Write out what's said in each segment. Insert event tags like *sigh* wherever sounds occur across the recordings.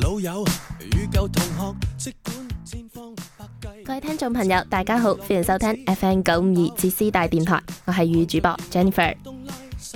老友與舊同學，即管千方百計。各位聽眾朋友，大家好，歡迎收聽 FM 九五二爵士大電台，我係粵語主播 Jennifer。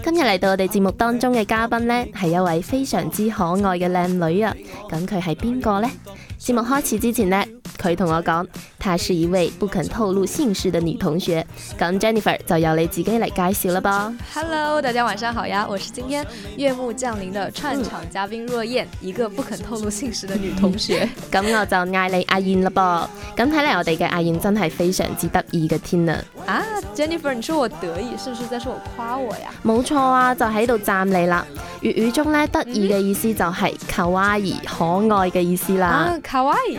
今日嚟到我哋節目當中嘅嘉賓呢，係一位非常之可愛嘅靚女啊！咁佢係邊個呢？節目開始之前呢。佢同我講，她是一位不肯透露姓氏嘅女同學。咁 Jennifer 就由你自己嚟介紹啦，噃 Hello，大家晚上好呀，我是今天夜幕降臨嘅串場嘉賓若燕，嗯、一個不肯透露姓氏嘅女同學。咁 *laughs* 我就嗌你阿燕啦，噃，咁睇嚟我哋嘅阿燕真係非常之得意嘅天啊！啊、ah,，Jennifer，你說我得意，是不是在說我誇我呀？冇錯啊，就喺度讚你啦。粵語中咧得意嘅意思就係卡哇伊、可愛嘅、嗯、意思啦。卡哇伊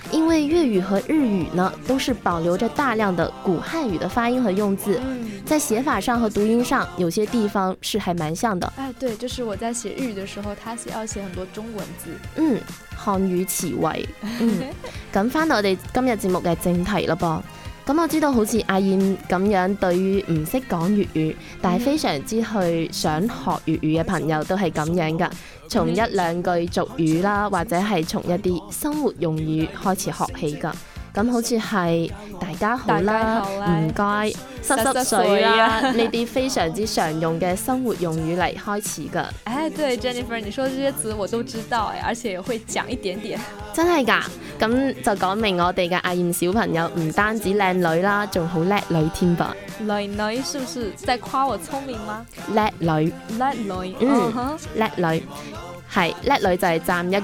因為粵語和日語呢，都是保留着大量的古漢語的發音和用字，在寫法上和讀音上有些地方是還蠻像的。哎，對，就是我在寫日語的時候，他寫要寫很多中文字。嗯，漢語詞彙。嗯，咁翻 *laughs* 到我哋今日節目嘅正題咯噃。咁、嗯、我知道好似阿燕咁樣，對於唔識講粵語，但係非常之去想學粵語嘅朋友，都係咁樣㗎，從一兩句俗語啦，或者係從一啲生活用語開始學起㗎。咁、嗯、好似係大家好啦，唔該，濕濕煩水啦呢啲 *laughs* 非常之常用嘅生活用語嚟開始㗎。誒、哎，對 Jennifer，你說嘅呢啲詞我都知道，誒，而且會講一點點。真係㗎，咁就講明我哋嘅阿燕小朋友唔單止靚女啦，仲好叻女添噃。靚女，女是不是在誇我聰明嗎？叻女，叻女，嗯哼，叻女係叻、嗯、女，女就係讚一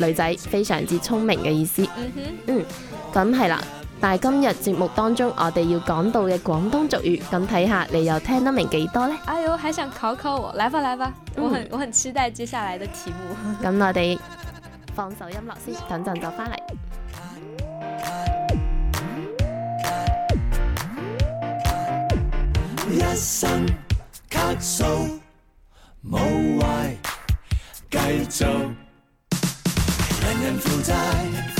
個女仔非常之聰明嘅意思。嗯哼，嗯。咁係啦，但係今日節目當中，我哋要講到嘅廣東俗語，咁睇下你又聽得明幾多咧？哎呦，還想考考我，來吧來吧，嗯、我很我很期待接下來的題目。咁我哋放首音樂先， *laughs* 等陣就翻嚟。一生卡數冇壞，繼續人人負債。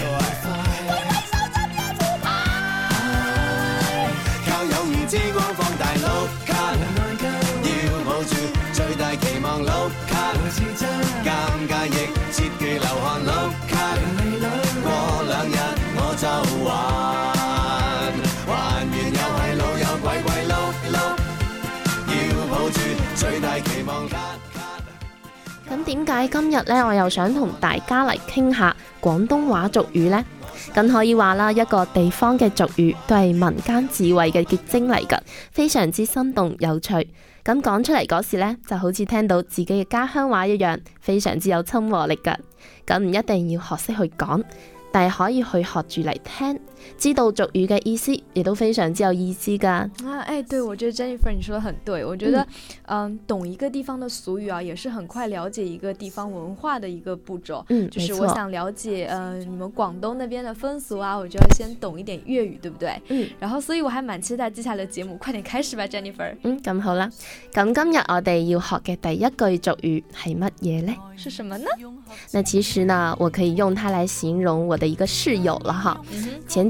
咁點解今日呢，我又想同大家嚟傾下廣東話俗語呢？咁可以話啦，一個地方嘅俗語都係民間智慧嘅結晶嚟㗎，非常之生動有趣。咁講出嚟嗰時呢，就好似聽到自己嘅家鄉話一樣，非常之有親和力㗎。咁唔一定要學識去講，但係可以去學住嚟聽。知道俗語嘅意思，亦都非常之有意思噶。啊，誒、啊哎，對，我覺得 Jennifer 你說的很對，我覺得，嗯，嗯，懂一個地方的俗語啊，也是很快了解一個地方文化的一個步驟。嗯，就是我想了解，嗯，你們廣東那邊的風俗啊，我就要先懂一點粵語，對不對？嗯。然後，所以我還蠻期待接下來的節目，快點開始吧，Jennifer。嗯，咁好啦，咁今日我哋要學嘅第一句俗語係乜嘢咧？是什麼呢？哦嗯、那其實呢，我可以用它來形容我的一個室友了哈。嗯嗯嗯、前。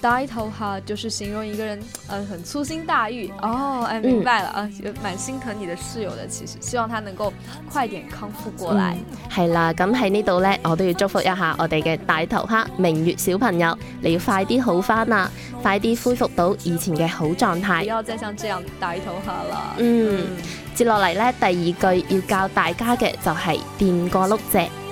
大頭蝦，就是形容一個人，嗯、呃，很粗心大意。哦、oh, 哎，我明白了、嗯、啊，蠻心疼你的室友的，其實希望他能夠快點康復過來。係、嗯、啦，咁喺呢度呢，我都要祝福一下我哋嘅大頭蝦明月小朋友，你要快啲好翻啊，快啲恢復到以前嘅好狀態。不要再像這樣大頭蝦啦。嗯，接落嚟呢，第二句要教大家嘅就係、是、掂過碌只。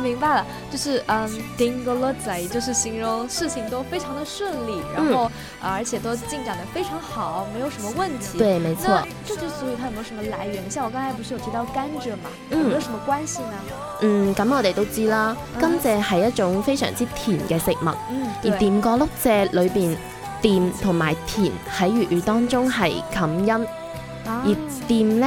明白了，就是嗯，掂個碌仔，就是形容事情都非常的順利，嗯、然後而且都進展得非常好，沒有什麼問題。對，沒錯。這就所以它有沒有什麼來源？像我剛才不是有提到甘蔗嘛，嗯、有沒有什麼關係呢？嗯，咁、嗯、我哋都知啦，甘蔗係一種非常之甜嘅食物。嗯、而掂個碌蔗裏邊，掂同埋甜喺粵語當中係冚音，啊、而掂呢？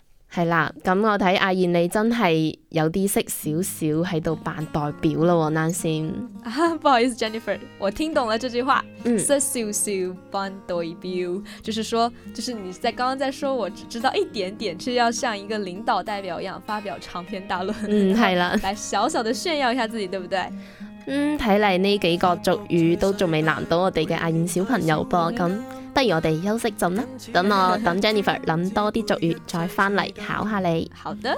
係啦，咁我睇阿燕你真係有啲識少少喺度扮代表啦，啱先、啊。不好意思，Jennifer，我聽懂了這句話。嗯，識少少扮代表，就是說，就是你在剛剛在說我只知道一點點，卻要像一個領導代表一樣發表長篇大論。嗯，係啦，來小小的炫耀一下自己，對不對？嗯，睇嚟呢幾個俗語都仲未難到我哋嘅阿燕小朋友噃，咁、嗯。不如我哋休息陣啦，等我等 Jennifer 諗多啲俗語再翻嚟考下你。好的。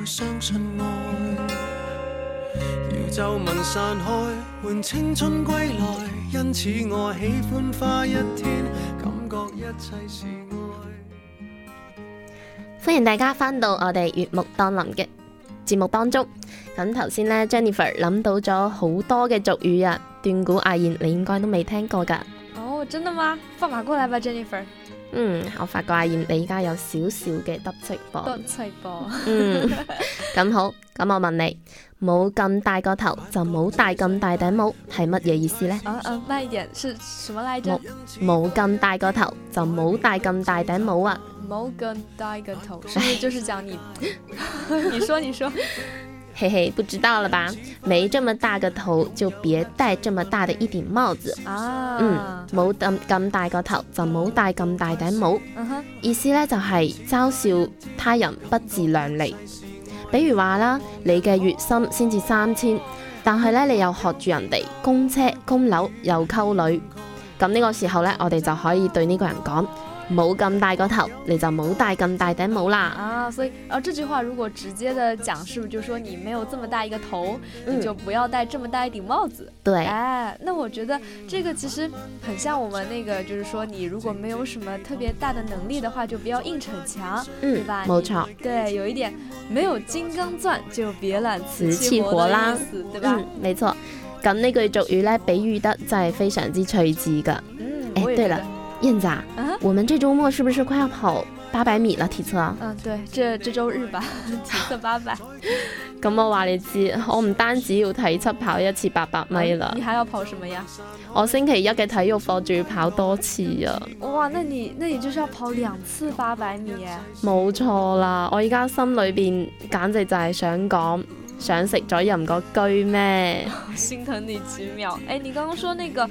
歡迎大家返到我哋悅目當林嘅節目當中。咁頭先呢 Jennifer 諗到咗好多嘅俗語啊，斷估阿言你應該都未聽過㗎。哦，oh，真的嗎？放馬過嚟吧，Jennifer。嗯，我發覺阿燕你依家有少少嘅得戚噃。得戚噃，嗯，咁 *laughs* 好，咁我問你，冇咁大個頭就冇戴咁大頂帽，係乜嘢意思呢？啊啊，慢一點，是什麼來着？冇咁大個頭就冇戴咁大頂帽啊！冇咁大個頭，所以就是講你？ *laughs* *laughs* 你說，你說。嘿嘿， *music* 不知道了吧？每這頭就這嗯、沒這麼大個頭，就別戴這麼大的一頂帽子啊。嗯，冇咁咁大個頭，就冇戴咁大頂帽。意思咧就係嘲笑他人不自量力。比如話啦，你嘅月薪先至三千，但係咧你又學住人哋供車供樓又溝女，咁呢個時候咧，我哋就可以對呢個人講。冇咁大個頭，你就冇戴咁大頂帽啦啊！所以，啊、呃，這句話如果直接的講，是不是就是說你沒有這麼大一個頭，嗯、你就不要戴這麼大一頂帽子？對，哎、啊，那我覺得這個其實很像我們那個，就是說你如果沒有什麼特別大的能力的話，就不要硬逞強，嗯、對吧？沒錯，對，有一點，沒有金剛鑽就別攬瓷器活啦，對吧？嗯，沒錯。咁呢句俗語呢，比喻得真係非常之趣致㗎。嗯，哎、欸，對了。燕子啊，我們這周末是不是快要跑八百米了？體測？嗯，對，這這周日吧，體測八百。咁 *laughs* *laughs* 我話你知，我唔單止要體測跑一次八百米啦，嗯。你還要跑什麼呀？我星期一嘅體育課仲要跑多次啊。哇，那你那你就是要跑兩次八百米？冇錯啦，我而家心裏邊簡直就係想講，想食咗人個居咩。 *laughs* 我心疼你幾秒。哎，你剛剛說那個。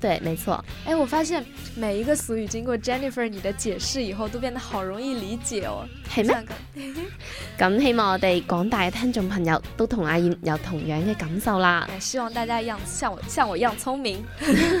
對，沒錯。哎，我發現每一個俗語經過 Jennifer 你的解釋以後，都變得好容易理解哦。係咩？咁，希望我哋廣大嘅聽眾朋友都同阿燕有同樣嘅感受啦，哎。希望大家一樣，像我，像我一樣聰明。 *laughs* *laughs*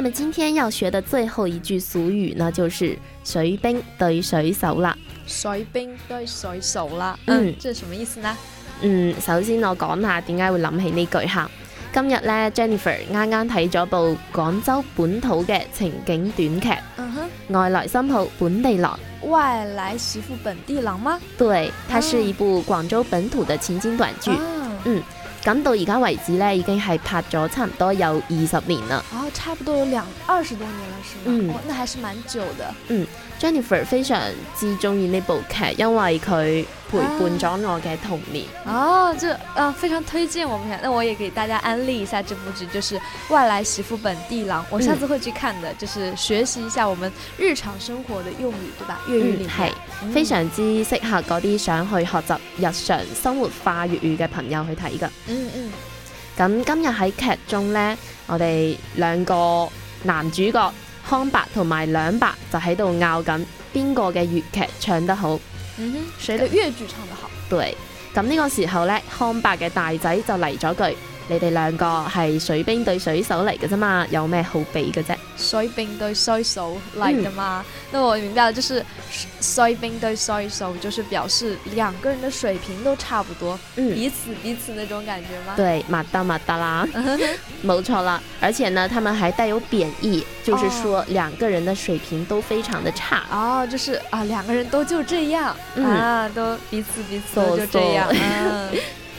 那麼今天要學的最後一句俗語呢，就是“水兵對水手”啦，“水兵對水手”啦。嗯，這是什麼意思呢？嗯，首先我講下點解會諗起呢句哈。今日呢，Jennifer 啱啱睇咗部廣州本土嘅情景短劇。嗯哼。外來媳婦本地郎。外來媳婦本地郎嗎？對，它是一部廣州本土的情景短劇。嗯。咁到而家為止咧，已經係拍咗差唔多有二十年啦。哦，差不多有兩二十多年啦，是嗎？嗯、哦，那還是蠻久的。嗯。Jennifer 非常之中意呢部劇，因為佢陪伴咗我嘅童年、啊。哦，就啊、呃，非常推薦我們，那我也給大家安利一下這部劇，就是《外來媳婦本地郎》，我下次會去看的，嗯、就是學習一下我們日常生活的用語，對吧？粵語係、嗯、非常之適合嗰啲想去學習日常生活化粵語嘅朋友去睇噶、嗯。嗯嗯，咁今日喺劇中呢，我哋兩個男主角。康伯同埋兩伯就喺度拗緊邊個嘅粵劇唱得好，嗯哼，誰嘅粵劇唱得好？對，咁呢個時候咧，康伯嘅大仔就嚟咗句。你哋兩個係水兵對水手嚟嘅啫嘛，有咩好比嘅啫？水兵對水手嚟嘅嘛。嗯、那我明白了，就是水兵對水手，就是表示兩個人的水平都差不多，嗯，彼此彼此那種感覺嗎？對，馬達馬達啦，冇 *laughs* 錯啦，而且呢，他們還帶有貶義，就是說兩個人的水平都非常的差。哦、啊啊，就是啊，兩個人都就這樣、嗯、啊，都彼此彼此就這樣。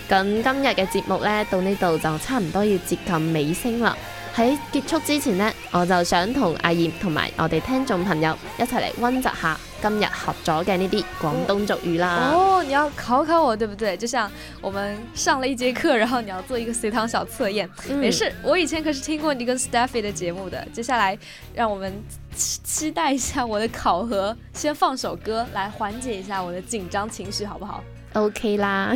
咁今日嘅節目咧，到呢度就差唔多要接近尾聲啦。喺結束之前呢，我就想同阿燕同埋我哋聽眾朋友一齊嚟溫習下今日合咗嘅呢啲廣東俗語啦哦。哦，你要考考我對不對？就像我們上了一節課，然後你要做一個隨堂小測驗。嗯、沒事，我以前可是聽過你跟 Stephy 嘅節目嘅。接下來，讓我們期待一下我的考核。先放首歌來緩解一下我的緊張情緒，好不好？OK 啦。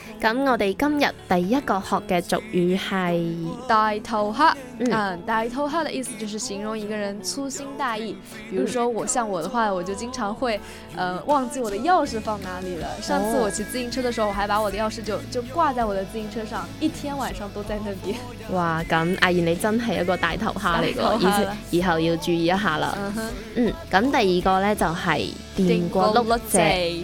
咁我哋今日第一個學嘅俗語係大頭蝦，嗯，嗯，大頭蝦的意思就是形容一個人粗心大意。嗯、比如說我像我的話，我就經常會，呃，忘記我的鑰匙放哪裏了。上次我騎自行車的時候，我還把我的鑰匙就就掛在我的自行車上，一天晚上都在那邊。哇，咁阿燕你真係一個大頭蝦嚟㗎，以後以後要注意一下啦。嗯哼、uh，huh. 嗯，咁第二個咧就係掂過碌蔗。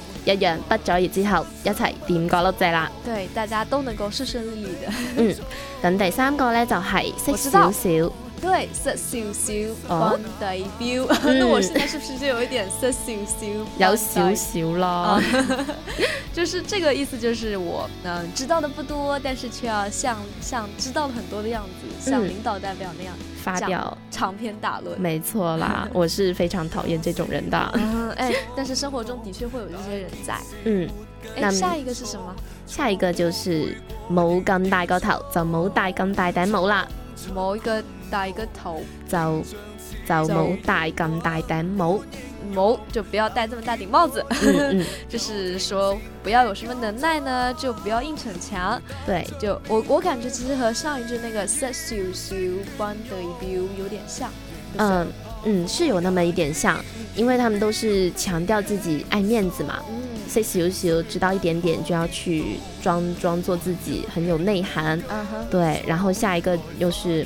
一樣畢咗業之後一齊掂過碌蔗啦，對，大家都能夠順順利利嘅。 *laughs* 嗯，咁第三個咧就係識少少。對，識少少扮代表，那我現在是不是就有一點識少少？有少少啦，就是這個意思，就是我嗯知道的不多，但是卻要像像知道了很多的樣子，像領導代表那樣發表長篇大論。沒錯啦，我是非常討厭這種人的。哎，但是生活中的確會有這些人在。嗯，哎，下一個是什麼？下一個就是冇咁大個頭就冇戴咁大頂帽啦，冇一個。大一個頭就就冇戴咁大頂帽，冇 So, 就不要戴這麼大頂帽子。嗯嗯、 *laughs* 就是說不要有什麼能耐呢，就不要硬逞強。對，就我我感覺其實和上一句那個 Sisu Sisu Fund the View 有點像。嗯嗯，是有那麼一點像，因為他們都是強調自己愛面子嘛。 嗯 Sisu Sisu 知道一點點就要去裝裝作自己很有內涵。Uh huh、對，然後下一個又、就是。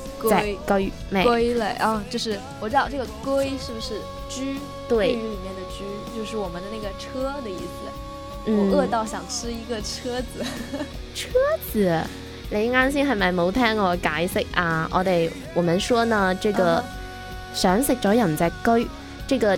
在龜類啊，就是我知道這個“龜”是不是“居”？對，居裏面的“居”就是我們的那個車的意思。嗯、我餓到想吃一個車子。 *laughs* 車子，你啱先係咪冇聽我解釋啊？我哋我們說呢，這個、uh huh. 想食咗人只居，這個。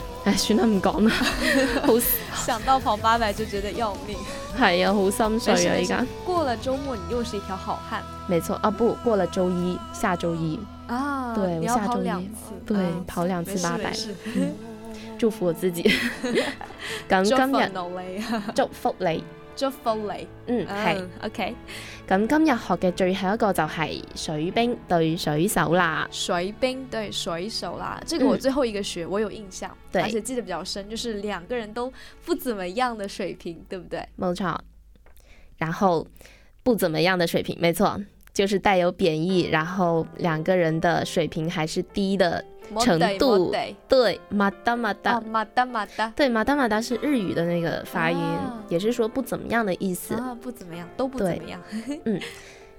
唉，算啦唔講啦，好 *laughs* *laughs* *laughs* 想到跑八百就覺得要命，係啊，好心碎啊而家。過了週末你又是一條好漢 *noise* 。沒錯啊，不過了周一，下周一啊，對，我下周一，對，跑兩次八百，嗯、祝福我自己。咁今日， *laughs* 祝福你利。祝福你，ler，嗯係、um，OK。咁、嗯、今日學嘅最後一個就係水兵對水手啦。水兵對水手啦，這個我最後一個學，嗯、我有印象，對。而且記得比較深，就是兩個人都不怎麼樣的水平，對不對？冇錯。然後不怎麼樣的水平，沒錯。就是帶有貶義，然後兩個人的水平還是低的程度。對，馬達馬達，馬達馬達，まだまだ對，馬達馬達是日語的那個發音，啊、也是說不怎麼樣的意思、啊。不怎麼樣，都不怎麼樣。對 *laughs* 嗯，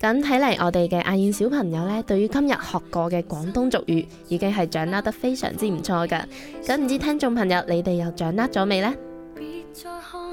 咁睇嚟我哋嘅阿燕小朋友呢，對於今日學過嘅廣東俗語，已經係掌握得非常之唔錯噶。咁唔知聽眾朋友，你哋又掌握咗未呢？嗯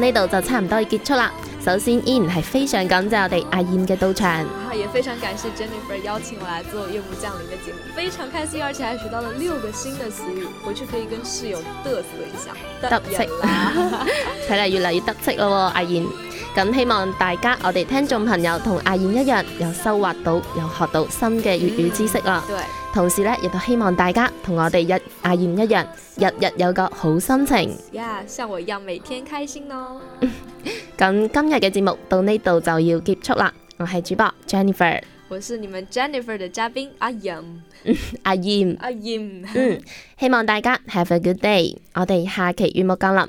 呢度就差唔多要結束啦。首先依然係非常感謝我哋阿燕嘅到場。也非常感謝 Jennifer 邀請我來做夜幕降臨嘅節目，非常開心，而且還學到了六個新的詞語，回去可以跟室友得瑟一下。得戚色，睇嚟 *laughs* 越嚟越得戚咯，阿燕、 *laughs* 啊。咁希望大家我哋聽眾朋友同阿燕一樣有收穫到，有學到新嘅粵語知識啦。對，同時咧亦都希望大家同我哋日阿燕一樣，日日有個好心情。呀，像我一樣每天開心哦。咁今日嘅節目到呢度就要結束啦。我係主播 Jennifer。我是你們 Jennifer 的嘉賓阿燕。阿燕。阿燕。嗯，希望大家 have a good day。我哋下期節目見啦。